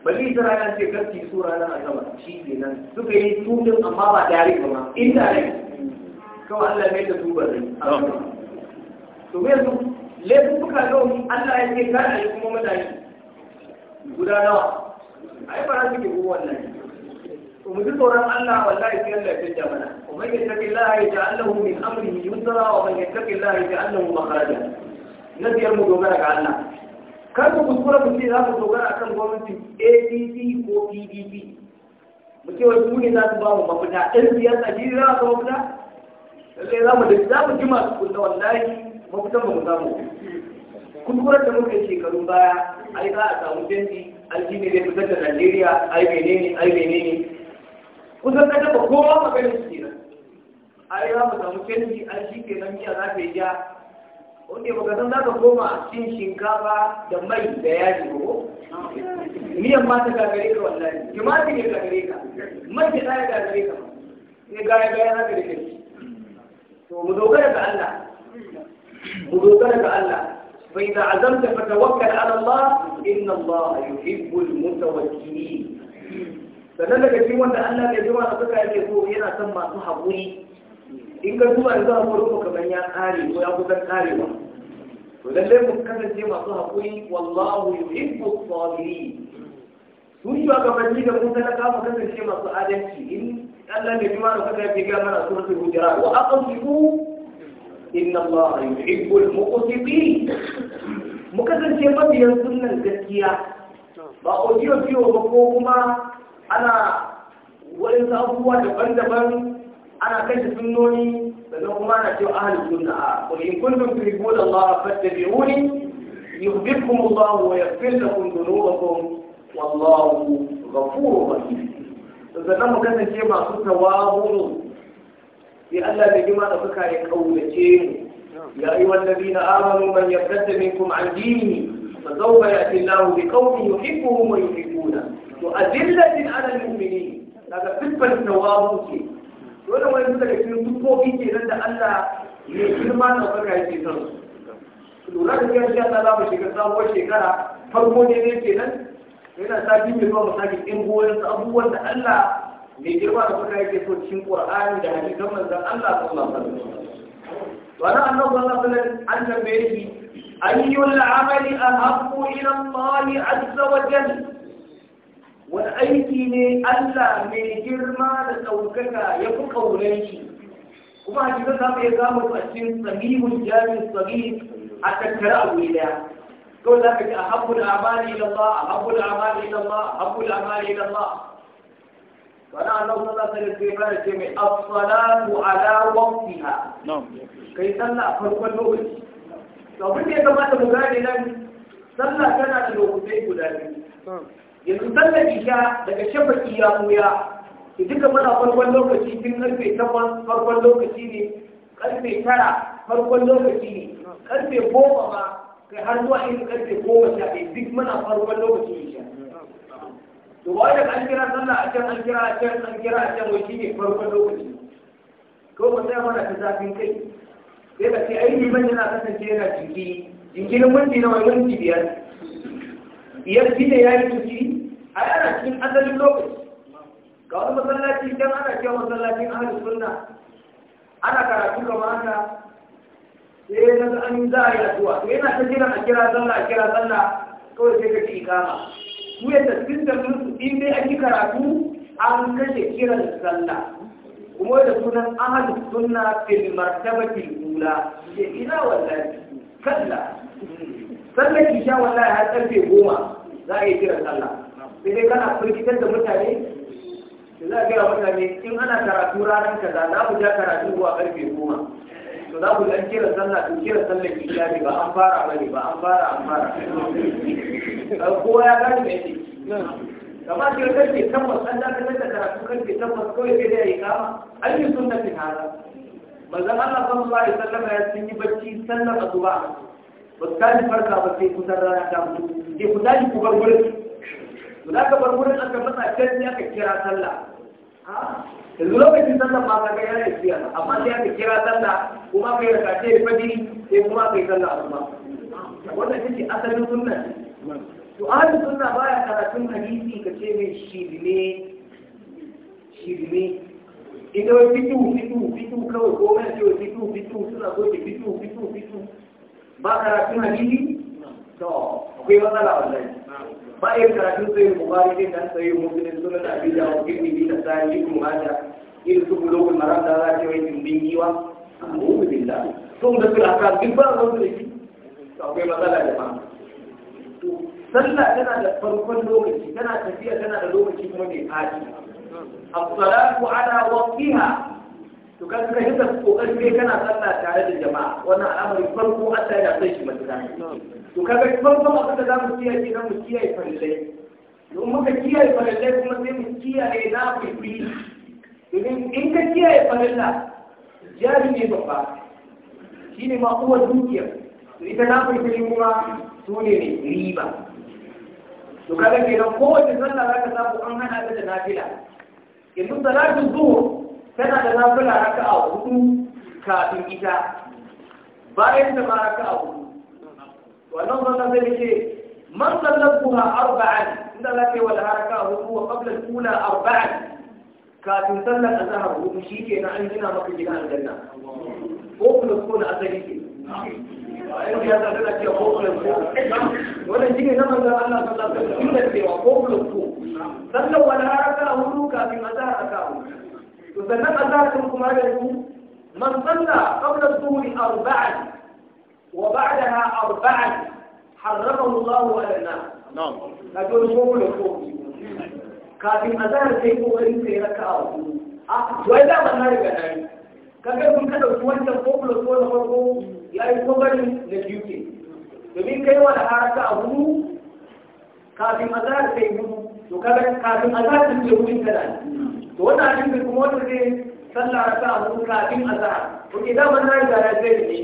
bali ta rana ce karki sura na azaba shi ke nan suka yi tunin amma ba dare ba ma inda ne kawai Allah ne da tuba ne to me su buka nawa Allah ya ce kana yi kuma madani guda nawa ai fara su ke wannan to mu ji tsoron Allah wallahi sai Allah ya canja mana wa man yattaqillaha yaj'al lahu min amrihi yusra wa man yattaqillaha yaj'al lahu makhraja nasiyar mu dogara ga Allah kar kuskura mutum za ku dogara kan gwamnatin ADC ko PDP mu ce wai ne za su ba mu mafita ɗan siyasa shi za su mafita sai za mu da za mu jima su kunta wallahi mafitan ba mu samu kuskura da muka shekarun baya ai za a samu canji an shi ne zai fitar da Najeriya ai menene ai menene kusan ka taɓa kowa maganin su kenan ai za mu samu canji an shi kenan miya za ta yi ja Oke, baka san za ka koma cin shinkafa da mai da yaji ko? Miyan ma ta gagare ka wallahi, jima'i ne gagare ka, mai ta ya gagare ka, ne gaya gaya za ka da kai. To, mu dogara ga Allah, mu dogara ga Allah, bai da azamta fa tawakkal ala Allah, inna Allah yuhibbul mutawakkilin. Sannan daga cikin wanda Allah ya jima a suka yake so yana son masu haƙuri in ka duba yanzu a wurin kamar ya kare ko ya kusan karewa to lallai mu kasance masu haƙuri wallahu yuhibbu sabiri su yi wa gabanci da kun talaka mu kasance masu adalci in Allah ne kuma da kuka yi gama na suratul hujurat wa aqsitu inna Allah yuhibbu al-muqsitin mu kasance mabiyan sunnan gaskiya ba audio biyo ba ko kuma ana wani abubuwa daban-daban أنا كنت سنوني فلقمان أتيو أهل السنة قل إن كنتم تحبون الله فاتبعوني يحببكم الله ويغفر لكم ذنوبكم والله غفور رحيم فسلام كنت شيء مع سنة وابون لألا تجمع أفكا يكون شيء يا أيها الذين آمنوا من يرتد منكم عن ديني فسوف يأتي الله بقوم يحبهم ويحبونه وأذلة على المؤمنين هذا في الفلسفة dole wani daga cikin sufofi ke nan da Allah ne girma da baka yake son su lura da kiyar shi Allah ba shiga sabuwar shekara farko ne ne ke nan yana sati mai zuwa musaki in goyon abubuwan da Allah mai girma da baka yake so cikin Qur'ani da hadisan manzon Allah sallallahu alaihi wasallam wannan annabi sallallahu alaihi wasallam an tambaye shi ayyul amali ahabbu ila Allah azza wa jalla wani aiki ne Allah mai girma da ɗaukaka ya fi kaunan shi kuma a cikin samu ya samu cikin samihun jami'in sami a tattara a wuri daya kawai za ka ji a haɓu da amali da ba a haɓu da amali da ba a haɓu da amali da ba wani annabi sallallahu alaihi wasallam sai fara ce mai as-salatu ala waqtiha kai sallah a farkon lokaci to abin da ya kamata mu gane nan sallah tana da lokutai guda biyu yanzu sallar isha daga shafa ya buya ki duka mana farkon lokaci tun karfe takwas farkon lokaci ne karfe tara farkon lokaci ne karfe goma ma kai har zuwa irin karfe goma sha ɗaya duk mana farkon lokaci isha to ba da an kira sallah a can an kira a can an kira a can wai shine farkon lokaci ko ba sai mana ta zafin kai sai ka ce ai liman yana kasance yana jinkiri jinkirin minti na wani biyar biyar shi ne ya yi tuki. a yana cikin asalin lokaci ga wani masallaci idan ana cewa masallacin ahalin sunna ana karatu ga mata sai na ga yi za a yi addu'a to yana ta jiran a kira sallah a kira sallah kawai sai ka ci ikama Ku ya tasirin da musu in dai an yi karatu an kashe kiran sallah kuma da sunan ahalin sunna fil martabatil ula ya ina wallahi kalla sallah ki sha wallahi har karfe goma za a yi kiran sallah sai dai kana firgitar da mutane da za a gaya mutane in ana karatu ranar kaza za ku ja karatu zuwa karfe goma to za ku ji an kira sallah to kira sallah ki ne ba an fara ba ne ba an fara an fara kowa ya gani me yake kama kira karfe tabbas an dakatar da karatu karfe tabbas kawai sai dai ya yi kama an yi sunnatin hada manzon Allah sallallahu alaihi wasallam ya sun yi bacci sallar asuba ba su tashi farka ba sai kusan rana ta mutu ke ku tashi ku bar to da ka bar wurin aka matsa can aka kira sallah yanzu lokacin sallah ba ka ga ya yi siya amma sai aka kira sallah kuma kai raka ce fadi, sai kuma kai sallah kuma wannan shi asalin sunna to ahli sunna baya karatun hadisi ka ce mai shirme shirme ita wai fitu fitu fitu kawai ko mai ce fitu fitu suna so ki fitu fitu fitu ba karatun hadisi akwai matsala wallahi ba irin karatun sai bukari din dan sai musulun sunan abi da bibi da sai kuma majah irin su bulogul maram da za ta yi giwa da kula ka duk ba zo da shi akwai matsala da ma sallah tana da farkon lokaci tana tafiya tana da lokaci kuma mai aji as-salatu تكذب هذا فؤاد بي كان أصلا تعالى الجماعة وانا على أمر يفرقوا حتى يعطيش مجرامي تكذب يفرقوا ما قد دام السياة إلى مسياة فلله يوم ما كتيا فلله ثم تم مسياة إلى فلله إن كتيا فلله جاري من بقى شيني ما هو دوكيا إذا نام يفلي مما سوني ريبا تكذب إلى فوق إذا نام يفلي مما سوني ريبا تكذب إلى فوق إذا نام يفلي مما سوني ريبا tana da nafila raka a hudu kafin ita bayan da ma raka a hudu wannan zan zai ce man sallakuha arba'an inda za ka yi wala raka a hudu wa qabla al arba'an kafin sallar azhar hudu shi shikenan an gina maka gida aljanna ko kuma ko na asali ke ayyuka ya zaka cewa ko kuma wannan shine na manzon Allah sallallahu alaihi wasallam da cewa ko kuma ko sallar wala raka a hudu kafin azhar raka a hudu to sannan azakun kuma da ku man salla qabla dhuhri arba'an wa ba'daha arba'an harramahu Allahu ala an-nar na'am ka ji wani ko da ko kafin azhar sai kokarin sai raka a A ai da ban na riga na yi kaga kun ka dauki wancan ko plus ko na farko ya yi kokarin na biyu ke domin kai wa da haraka a hudu kafin azhar sai hudu to kaga kafin azhar sai hudu kana to wannan abin da kuma wanda zai sallah raka a hudu kafin azhar to ke da ban nan da zai ne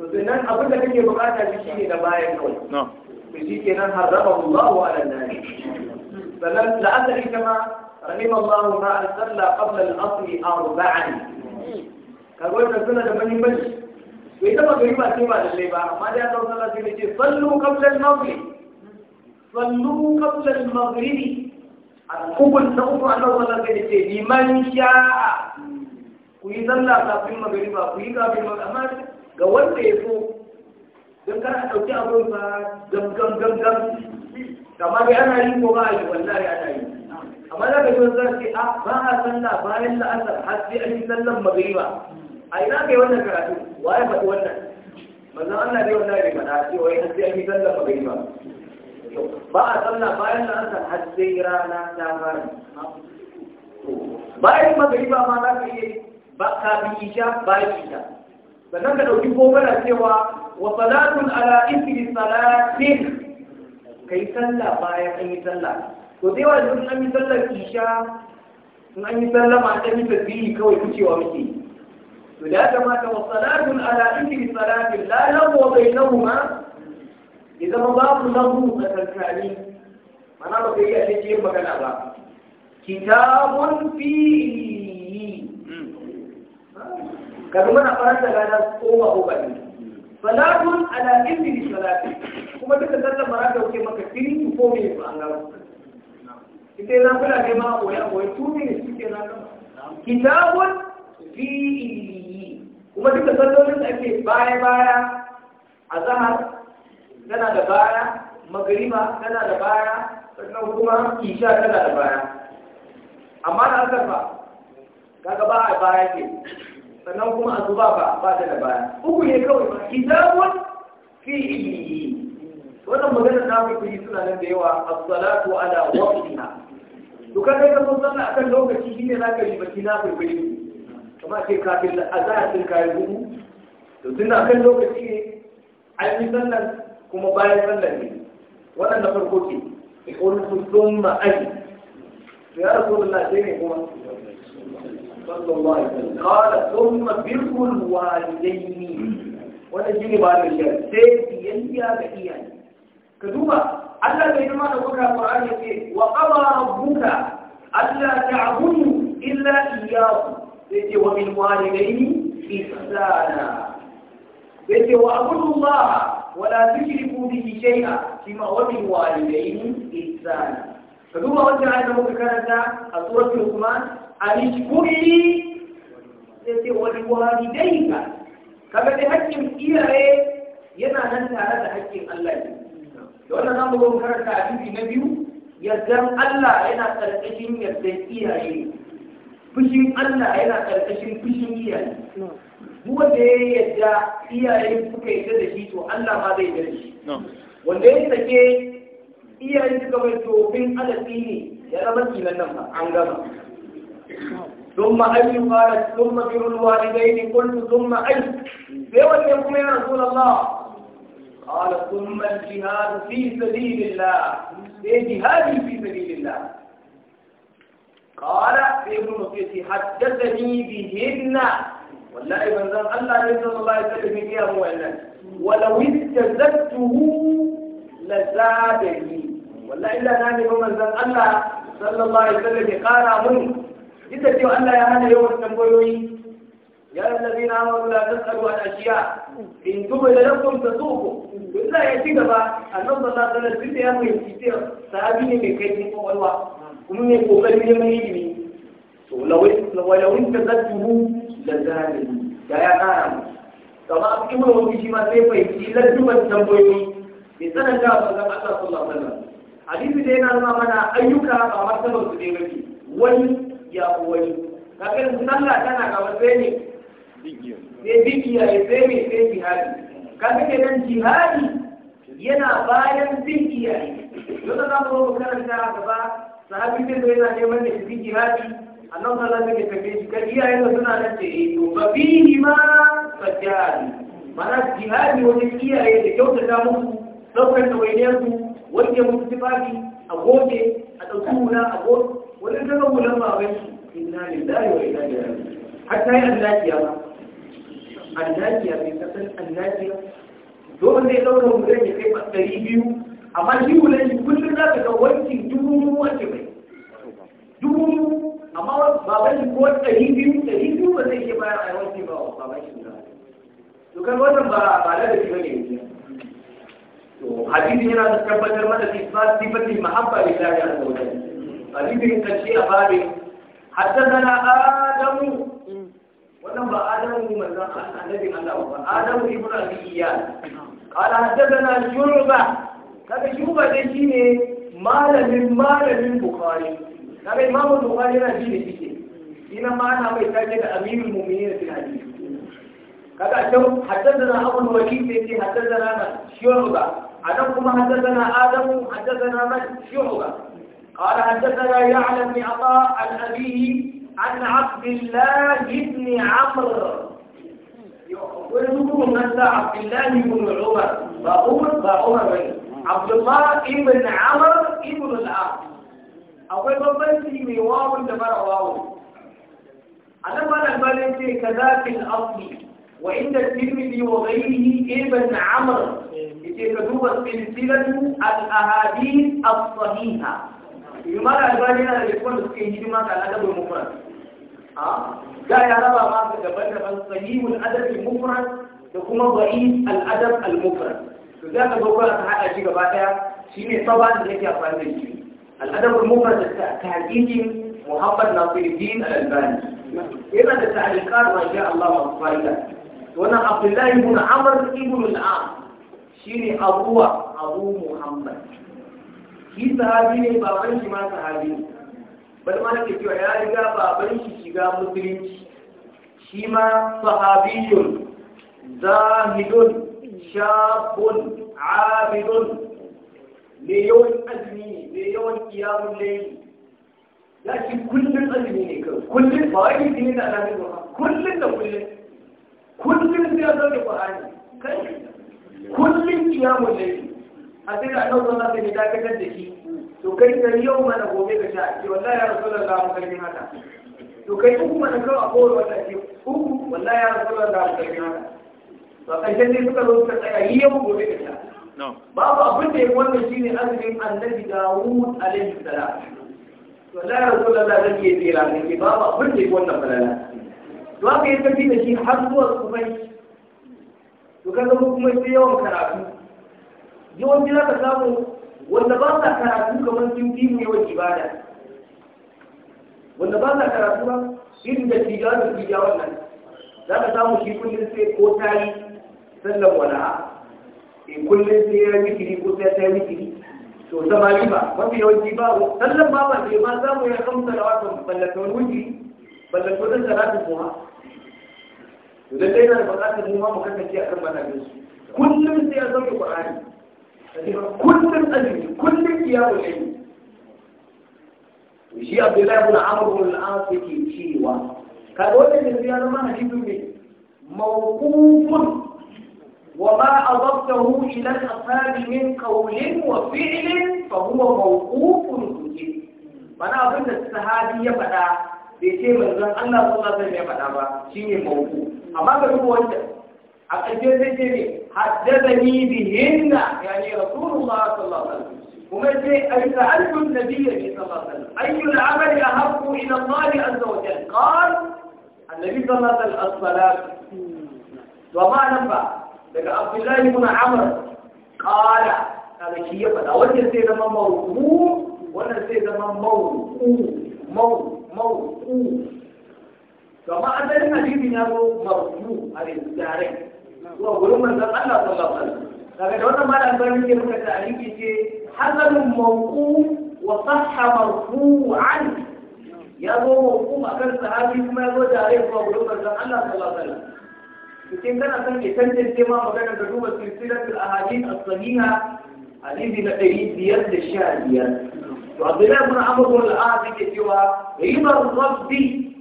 to sannan abin da kake bukata shi shine da bayan kawai to shi kenan harrama Allahu ala nan sannan la'asari kama rahim Allah ma salla qabla al-asr arba'an kaga wannan suna da muhimmanci to ita ba gari ba sai ba lalle ba amma da Allah sallallahu alaihi wasallam ce sallu qabla al-maghrib sallu qabla al-maghrib alkubul na uku Allah wannan gani ce liman sha'a ku yi zalla kafin ba, ku yi kafin magariba ga wanda ya so don a ɗauki abin ba gangan gangan kamar dai ana yi ko ba a yi wallahi ana yi amma za ka ji wani a ba a sallah bayan la'asar har sai an yi sallan ba. a ina kai wannan karatu wa ya faɗi wannan manzon Allah dai wannan bai faɗa cewa sai an yi sallan ba. ba a tsalla bayan da asar har sai rana ta fara bayan magariba ma za ka iya ba kafin isha bayan isha sannan ka ɗauki gobara cewa wa salatun ala isri salatin kai sallah bayan an yi sallah to sai wa duk an yi sallar isha in an yi sallama an yi tasbihi kawai wucewa muke to da ya kamata wa salatun ala isri salatin la lawo bainahuma ya zama babu lahu a tsakani mana ba ka yi a cikin magana ba kitabun fihi kaga mana faranta gana koma ko bani salatun ala ibni salati kuma duka sallan mara da kuke maka fili ko me ba an gawo ita yana kula ne ma oya oya tu ne suke na kitabun fihi kuma duka sallolin da ake baya baya a zahar tana da baya magariba tana da baya sannan kuma isha tana da baya amma na ba, kaga ba a baya ke sannan kuma a zuba ba ba ta da baya uku ne kawai ba kitabun fi ilmihi wannan maganar na fi kuri suna nan da yawa as-salatu ala waqtiha to kaga ka so sallah akan lokaci shine zaka yi baki na kwaikwayo kuma ke kafin azhar din kai gudu to tunda akan lokaci ne ai mun sallar kuma bayan sallar ne waɗanda farko ke ikuntu thumma aji to ya rasulullah sai ne kuma sallallahu alaihi wasallam qala thumma birrul walidaini wannan shine ba da shi sai biyayya ga iyaye ka duba Allah bai zama da kuka Qur'ani yake wa qala rabbuka alla ta'budu illa iyyahu sai ce wa bil walidaini ihsana sai ce wa abudu Allah ولا تشركوا به شيئا فيما وبالوالدين إحسانا فدوما وانت عايز ممكن كانت سورة لقمان أن اشكر لي ولوالديك kaga dai hakkin iyaye yana nan tare da hakkin Allah ne to wannan zamu ga karanta a na biyu yaddan Allah yana karkashin yaddan iyaye fushin Allah yana karkashin fushin iyaye duk wanda ya yadda iyaye suka yadda da shi to Allah ma zai yarda shi wanda ya sake iyaye suka bai tofin alaƙi ne ya zama kilan nan ba an gama ثم أي قالت ثم بر الوالدين قلت ثم أي سوى يقول يا رسول الله قال ثم الجهاد في سبيل الله جهاد في سبيل الله قال ابن حدثني بهن ولا ابن ذا الله ليس الله يزكي من هي هو الا ولو اتزدته لزادني ولا الا ثاني هو من ذا الله صلى الله عليه وسلم قال امن جدت يا الله يا هذا يوم التنبؤي يا الذين امنوا لا تسالوا عن اشياء ان تبل لكم تسوقوا الا ياتي كما ان الله صلى الله عليه وسلم يكتب سابيني بكيتي فوالله ومن يقول لي من يجني ولو لو انتزدته da zahabi da ya kara musu kama ibn wani shi ma sai fahimci lalluban tambayoyi bai tsananta a manzon Allah sallallahu alaihi wasallam hadisi da yana nuna mana ayyuka a martabar su ne mafi wani ya wani kaga sallah tana gaba sai ne sai bibiya ya sai ne sai jihadi kaga kenan jihadi yana bayan bin iyaye yau da za mu karanta gaba sahabi zai zo yana neman da shi jihadi annan sallah suke tafi shi kan iyayensa suna nan ce eh to ba bihi ma fajjari mana jihadi wajen iyaye da kyautata musu ɗaukar ɗawainiyarsu wanke musu tufafi a goge a ɗauki hula a goge wani daga hulan baban shi inna lillahi wa inna ilaihi raji'un hatta yi annakiya ba annakiya bai kasan annakiya dole ne ɗaukar hulan ya kai ɗari biyu amma shi hulan shi kullum za ka ga wanki dubu wanke mai dubu amma baban shi ko ɗari biyu ɗari biyu ba zai iya bayar a yawanci ba baban shi guda to kan wannan ba ba da shi bane yanzu to hadisi yana tabbatar mana fi sifatin mahabba lillahi azza wa jalla hadisin kace a babin haddathana adamu wannan ba adamu manzon annabi Allah ba adamu ibnu abi iyad qala haddathana shu'ba kaga shu'ba dai shine malamin malamin bukhari kaga imamu bukhari yana bi da kike ina ma ana mai take da amirul mu'minin fil hadith kaga can haddathana abul wakil sai ce haddathana man shu'ba anan kuma haddathana adam haddathana man shu'ba قال حدثنا يعلى بن عطاء عن أبيه عن عبد الله بن عمرو ويذكرون أن عبد الله بن عمر فعمر فعمر عبد الله بن عمر بن العاص akwai bambanci mai wawun da mara wawun a nan ma nan bane ce ka zafin asli wa inda tirmidhi wa ghayrihi ibn amr yace ka duba silsilatu al ahadith as sahiha imam al-albani yana da kuma suke hidima ga adabul mufrad a ga ya raba ma su daban daban sahihul adab al mufrad da kuma da'if al adab al mufrad to za ka ga ko ka hada shi gaba daya shine saban da yake amfani da shi الأدب المفرد تحقيق محمد ناصر الدين الألباني إذا التعليقات ما شاء الله مفصلة وأنا عبد الله بن عمر ابن العام شيني أبو أبو محمد shi sahabi ne baban shi ma sahabi ne bal ma nake cewa ya riga baban shi shiga musulunci shi ma sahabiyun zahidun shabun abidun mai yawan azumi ne mai yawan kiyamun laili ya ci kullum azumi ne kawai kullum ba wani jini da alamun ba kullum da kullum kullum sai ya zaune ƙwararri kai kullum kiyamun laili a sai da annabi sallallahu alaihi dakatar da shi to kai da yau mana gobe ka sha ce wallahi ya rasu da rasulullahi mu kai haka to kai uku mana kawai a kowace wata ce uku wallahi ya rasulullahi mu kai haka to a ƙarshen ne suka zo suka tsaya yau gobe ka sha babu abin da ya wannan shi ne azumin annabi dawud alaihi salam to la rasul da zai yi tsira ne ke babu abin da ya wannan falala to haka yi tafi da shi har zuwa kumai to ka mu kuma sai yawan karatu yawanci za ka samu wanda ba sa karatu kamar sun fi mu yawan ibada wanda ba sa karatu ba irin da tijawa da tijawan nan za ka samu shi kullum sai ko tari sallan wala'a in kullum sai ya zikiri ko sai ta zikiri to samari ba mafi yawanci ba sallan ba ba ce ma za mu yi kamsa da wata ballatan wuji ballatan wuji salatu kuma to dan dai na da bukatar mu ma mu kasance a kan manhajin su kullum sai ya sauke qur'ani kullum azumi kullum kiyamu shi shi abdullahi ibn amr ibn al-as yake cewa kaga wannan yanzu ya zama hadisin ne mawqufun وما أضفته إلى الأفعال من قول وفعل فهو موقوف وجيب فأنا أظن السهادي يبدا بيتي من أن الله صلى الله عليه وسلم يبدا شيء موقوف أما بلو وجه أقول لك حدثني بهن يعني رسول الله صلى الله عليه وسلم وما جاء أي سألت النبي صلى الله عليه وسلم أي العمل أحب إلى الله عز وجل قال النبي صلى الله عليه وسلم الصلاة وما نفع daga abdullahi muna amur ƙara da shi ya faɗa wannan sai zama mawuku wannan sai zama mawuku mawuku kama na hadisin ya zo mawuku a tare zuwa gurin manzan Allah sun alaihi daga da wannan malam ni ke muka da aliki ce hasanun mawuku wa mawuku an ya zo mawuku kan sahabi kuma ya zo tare zuwa gurin manzan Allah sun alaihi يمكن أن يتنزل كما مدانا تجوبة سلسلة الأهالين الصليحة الذي لديه بيد الشهدية وعضلاء من عمره الآذي كتوى غيب الرب في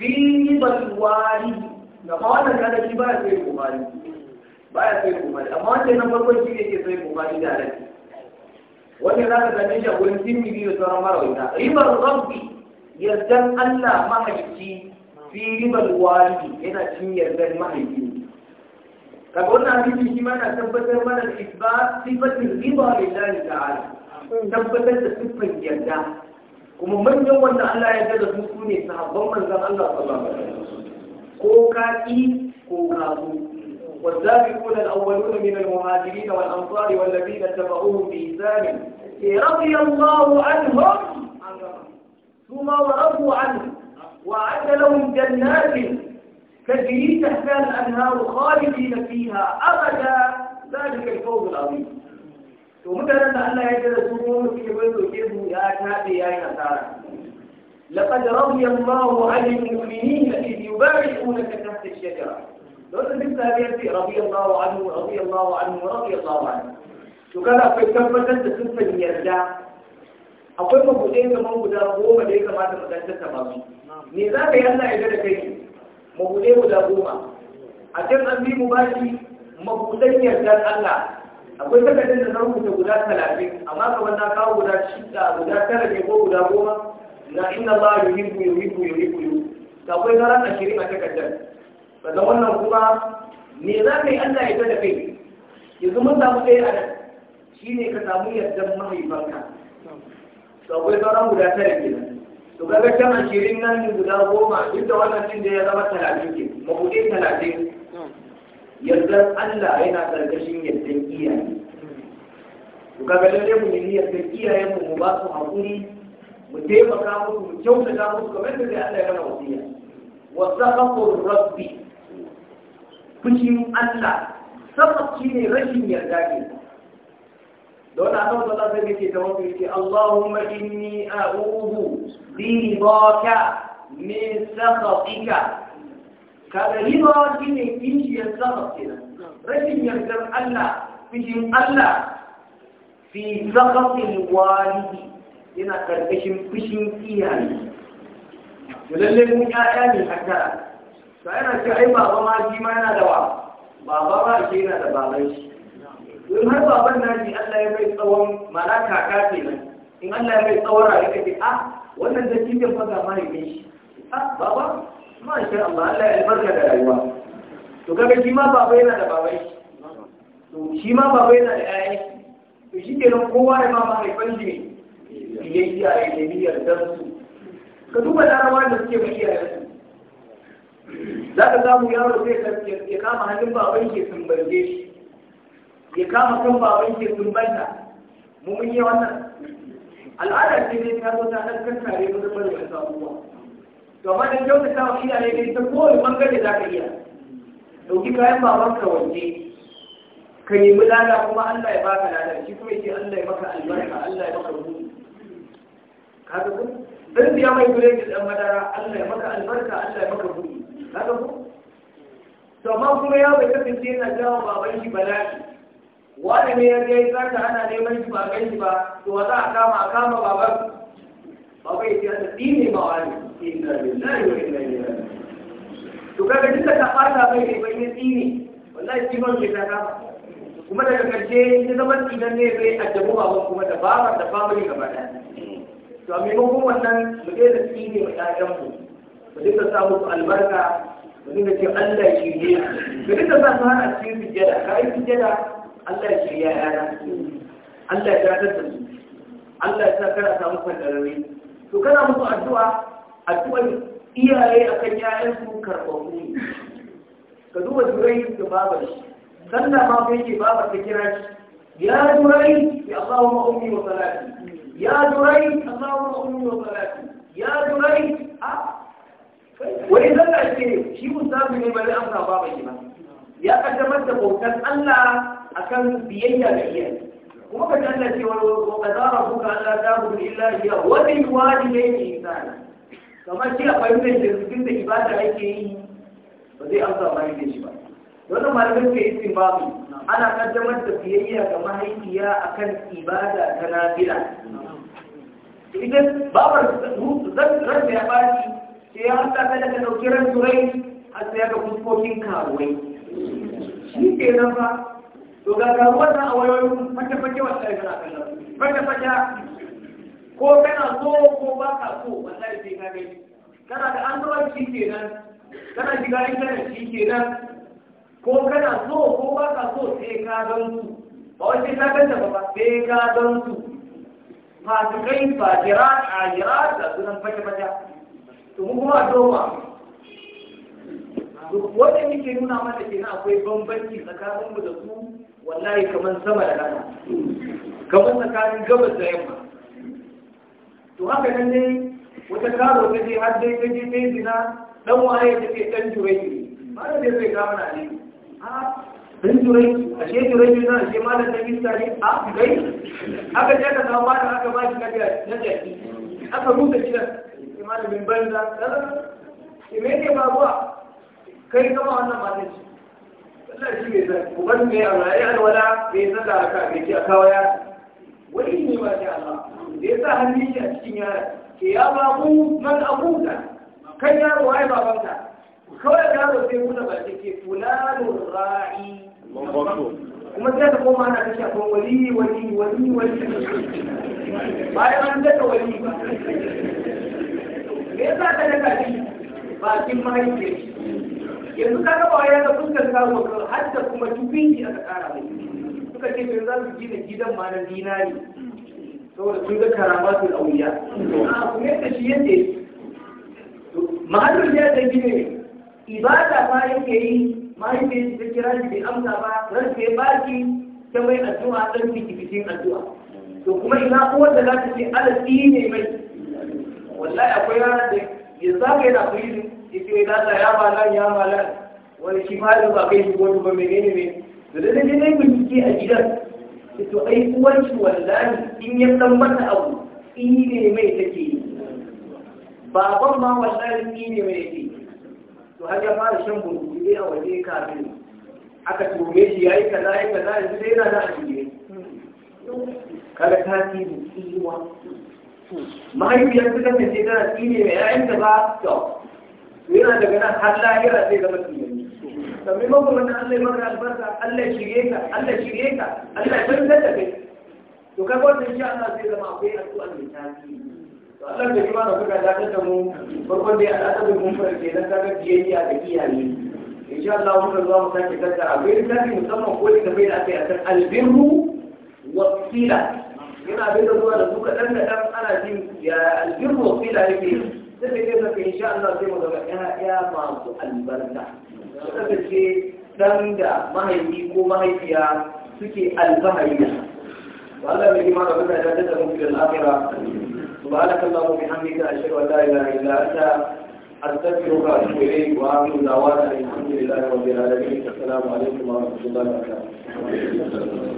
غيب أن هذا كيف يصير بمالي بايا سير بمالي أما أنت نمبر كل شيء يصير بمالي دارك وأن هذا تنجى ونسيم مدينة ترمار وإنها غيب أن لا محجي في غيب الوالي هنا طب قلنا هنجيب شيء ثبت من الاثبات صفه الرضا لله تعالى أمم. ثبت صفه الجنه ومن manyan wanda Allah ya المسلمين su su ne sahabban manzon Allah sallallahu alaihi wasallam ko ka ki ko الأولون من المهاجرين والأنصار والذين اتبعوهم بإحسان رضي الله عنهم ثم ورضوا عنه وأعد لهم جنات تجري تحتها الأنهار خالدين فيها أبدا ذلك الفوز العظيم ومثلا أن الله يجعل في بيته كيفه يا كافي يا نصارى لقد رضي الله عن المؤمنين إذ يبايعونك تحت الشجرة لو تنسى هذه رضي الله عنه رضي الله عنه رضي الله عنه وكان أقول tabbatar da sun sani yarda akwai mabuɗe kamar guda goma da ya kamata mu tantance ba su me za mabuɗe guda goma a can an bi mu bashi mabuɗan yardar Allah akwai takardar da na rubuta guda talatin amma kamar na kawo guda shida guda tara ne ko guda goma na inna Allah yuhibbu yuhibbu yuhibbu akwai zaran ashirin a takardar sannan wannan kuma me za ka yi Allah ya ta da kai yanzu mun samu ɗaya a nan shi ne ka samu yardar mahaifanka akwai sauran guda tara kenan to ga tamar ashirin nan guda goma duk da wannan cin da ya zama talatin ke mabudin talatin yardar Allah yana ƙarƙashin yardar iyaye to kaga lalle mu yi yardar iyayen mu ba su haƙuri mu taimaka musu mu kyautata musu kamar da dai Allah ya gama wasiya wa saqaqur rabbi fushin Allah sabab shine rashin yarda ne دون عطاو تطاو تبكي تبكي اللهم إني أعوذ برضاك من سخطك كذا رضا جيني إنشي السخط كده رجل يكتب ألا في الله في سخط الوالد هنا كالبشم بشم فيها يللم آيان حتى فأنا شعبا وما جيمانا دوا بابا جينا دبابا don har baban naji Allah ya bai tsawon mana kaka kenan in Allah ya bai tsawon rayu kake a ah, wannan da cikin faga ma ne shi a ah, baba ma sha Allah Allah ya albarka da rayuwa to kaga shi ma baba yana da babai to shi ma baba yana da ƴaƴan to shi kenan kowa ya ma mahaifan shi ne biyayya ya yi niyyar su ka duba larabawa da suke mai iyayensu za ka samu yaro zai ya kama hannun baban ke sun barge shi ya kama kan baban ke tumbanta mu mun yi wannan al'adar ce ne ta zo ta ɗan kankare mu da wasu sabuwa. to amma da ta wa iyaye ne ta kowane bangare za ka iya ɗauki kayan baban ka wanne ka yi lada kuma Allah ya baka lada shi kuma yake Allah ya maka albarka Allah ya maka ruhu ka ga ku dan biya mai gure ki dan madara Allah ya maka albarka Allah ya maka ruhu ka ga ku to amma kuma ya bai kasance yana jawo baban shi bala'i wani ne ya gai sata ana neman shi ba gan shi ba to wa za a kama a kama baban baban ya ta ana dine ma wani inna lillahi wa inna ilaihi to kaga duka ta fata bai ne bai ne tsine wallahi shi ban ke ta kama kuma daga karshe ya zama dinan ne bai addabu baban kuma da babar da family gaba daya to a maimakon wannan mu daina tsine wa ƴaƴanmu mu dinga sa musu albarka mu dinga ce Allah shi ne mu dinga sa su hana cikin sujjada ka yi sujjada Allah ya shirya yana Allah ya tatar da su Allah ya sa kana samun kwandarare to kana musu addu'a addu'a iyaye akan su karɓaɓɓu ne ka duba durai da babar shi sannan ma kai ke babar ka kira shi ya durai ya ma ummi wa salati ya durai ma ummi wa salati ya durai a wani sallah ce shi musamman ne bari amsa babar shi ba ya kaddamar da bautan Allah akan biyayya da iyaye kuma ka tanda cewa ku ka Allah ta ta'budu illa Wani wa bil walidayni ihsana kamar shi a fahimtar da cikin da ibada ake yi ba zai amsa ba yake shi ba wannan malamin ke yin babu ana kaddamar da biyayya ga mahaifiya akan ibada ta nafila idan babar zan ya bashi sai ya hanta ta daga ɗauki ran turai har sai ga fuskokin karuwai shi ke nan ba to ga ga wannan a wayoyin fata fata wallahi kana kallon fata fata ko kana so ko ba ka so wallahi sai ka gani kana da android shi kenan kana shiga internet shi kenan ko kana so ko ba ka so sai ka gan su ba wai sai ka ganta ba sai ka gan su masu kai a ajira da sunan fata fata to mu kuma doma wanda yake nuna mana kenan akwai bambanci mu da su wallahi kamar sama da rana kamar tsakanin gabas da yamma to haka nan ne wata karo ta je har dai ta je ta yi zina dan waye ta ce dan jurai malam da zai gama na ne a dan jurai ce jurai na ce malam da mista ne a dai aka je ka samu malam aka ba shi kaga na jaki aka rubuta da malamin banza da me ne babuwa kai kama wannan matan uban mai amari alwala da ya saka ka mai a kawo yara wani ne ba ta Allah da ya sa hannun shi a cikin yara ke ya ba mu man abuta kan yaro ai babanka kawai yaro sai muna ba ta ke fulanun ra'i kuma sai ta koma ana kashe kan wali wali wali wali bayan an daga wali ba me yasa ka daga shi bakin mahaifiyar shi. yanzu ka ga baya da fuskar samu kan hadda kuma tufinki aka kara mai suka ce yanzu za su gina gidan ma na dinari saboda sun ga karamatul auliya a kuma yadda shi yadda mahallin ya da gine ibada ma yake yi mahaifiyar ta kira shi bai amsa ba ran sai baki ta mai addu'a dan fikifikin addu'a to kuma ina uwar da za ta ce ala ne mai wallahi akwai ranar da yanzu haka yana kuyi ita eh, ya lalla ya malan ya malan wani shi malin ba kai shi wani ba menene ne da da dai dai bincike a gidan to ai uwanci wallahi in ya san mata abu ne mai take yi baban ma wallahi ne mai yake to har ya fara shan burkutu dai a waje kafin aka tume shi yayi kaza yayi kaza yanzu dai yana da ajiye kaga ta ci tsiwa mahaifiyar ta kasance tana tsine mai yayin da ba to yana daga nan har lahira zai zama tunani sannan mako wanda Allah ya maka albarka Allah shirye ka Allah shirye ka Allah ya tantar da kai to kai wannan insha Allah zai zama akwai addu'a mai tasiri to Allah da kuma da kuka dakatar da mu farkon dai al'ada mun farke dan kaga biyayya da iyaye insha Allah wannan za mu sake tattara bai tafi musamman ko da bai da kai akan albirru wasila yana bai zuwa da su kadan kadan ana jin ya albirru wasila yake suka ce kai insha Allah sai mu zama ƴaƴa masu albarka su kasance ɗan da mahaifi ko mahaifiya suke alfahari da ba Allah mai kima da wata da ta mutu da al'akira سبحانك اللهم وبحمدك أشهد أن لا إله إلا أنت أستغفرك وأتوب إليك وآخر دعوانا الحمد لله رب العالمين السلام عليكم ورحمة